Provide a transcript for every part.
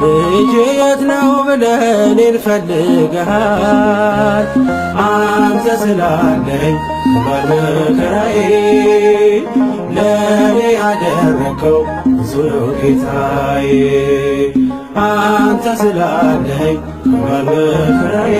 ልጄ ነው ብለህ እኔን ፈልገሃል አንተ ስላለኝ ባልመከራዬ ለእኔ አደረከው ብዙ ጌታዬ አንተ ስላለኝ ባልመከራዬ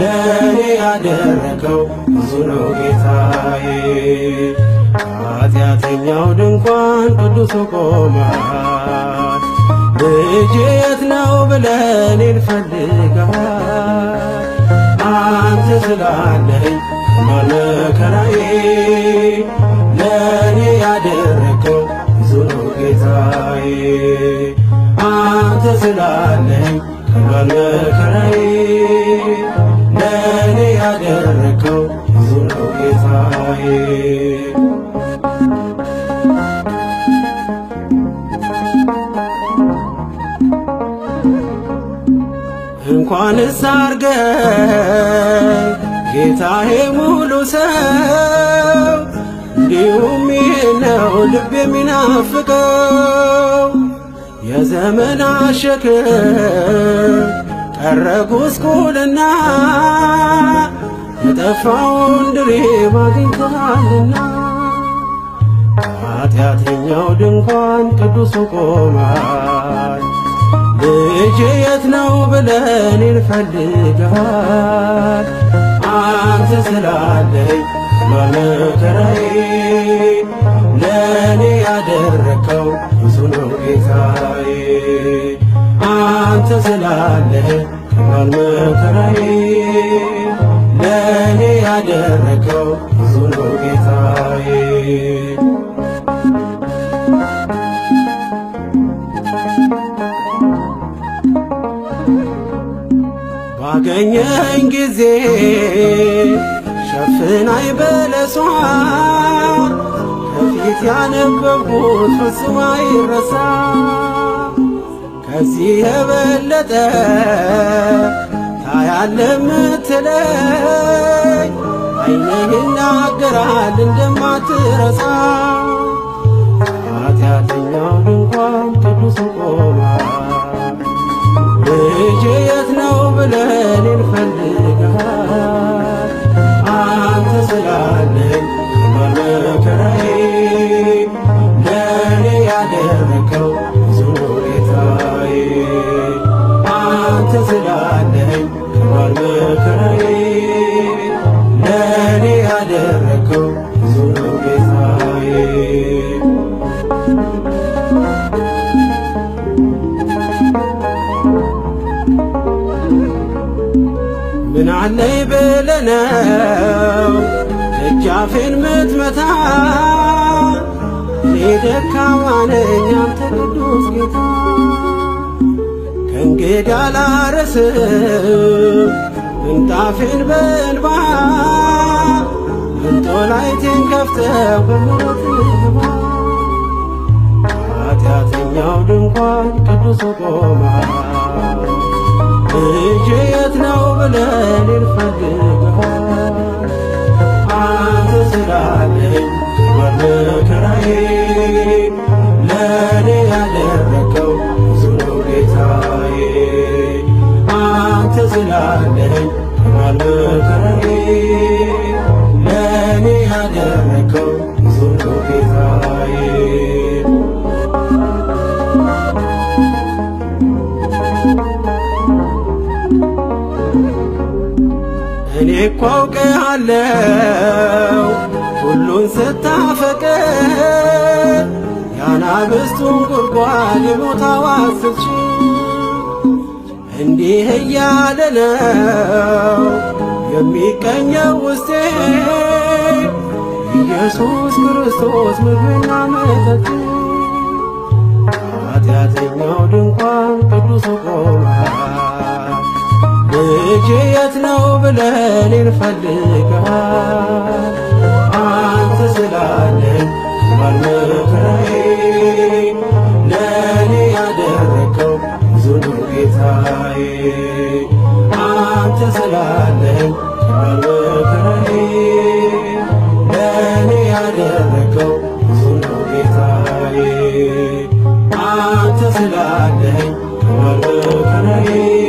ለእኔ አደረከው ብዙ ጌታዬ ኃጢአተኛው ድንኳን ቅዱሱ ቆመሃል ልጅ የት ነው ብለን እንፈልገዋል። አንተ ስላለኝ በመከራዬ ለእኔ ያደረከው ብዙ ጌታዬ አንተ ስላለኝ እንኳን ሳርገኝ ጌታዬ ሙሉ ሰው እንዲሁም ይህ ነው ልብ የሚናፍቀው የዘመን አሸክ ቀረ ጉስቁልና የጠፋውን ድሪብ አግኝቷልና ኃጢአተኛው ድንኳን ቅዱሱ ቆሟል ልጅ የት ነው ብለን እንፈልጋል አንተ ስላለኝ መመከራዬ ለእኔ ያደረከው ብዙ ነው ጌታዬ አንተ ስላለኝ መመከራዬ ለእኔ ያደረከው ብዙ ነው ጌታዬ ባገኘኝ ጊዜ ሸፍናይ በለሷ ከፊት ያነበብኩት ፍጹም አይረሳ። ከዚህ የበለጠ ታያለ ምትለኝ አይነህ ይናገራል እንደማትረሳ ኃጢአተኛው ድንኳን ቅዱስ ቆማ ልጄ ብለን እንፈልግሃል አንተ ስላለኝ በመከራዬ ለኔ ያደረከው ብዙ አንተ ነይ ብለነው ደጃፌን ምትመታ እኔ ደካማ ነኝ አንተ ቅዱስ ጌታ ከእንግዳ ላረስም ምንጣፌን በእንባ እንጦላይቴን ከፍተህ በምረት ግባ ለኔ ያደረከው ብዙ ነው ጌታዬ አንተ ስላለኝ እኔ እኮ አውቄሃለሁ አብስቱን ጉድጓድ ቦታዋ እንዲህ እያለ ነው የሚቀኘው ውስጤ ኢየሱስ ክርስቶስ ምግብና መጠጥ ኃጢአተኛው ድንኳን ቅዱስ ቆሟል። ልጅ የት ነው ብለን እንፈልጋል ስላለኝ በምክርህ ለእኔ ያደረገው ብዙ ጌታዬ። አንተ ስላለኝ በምክርህ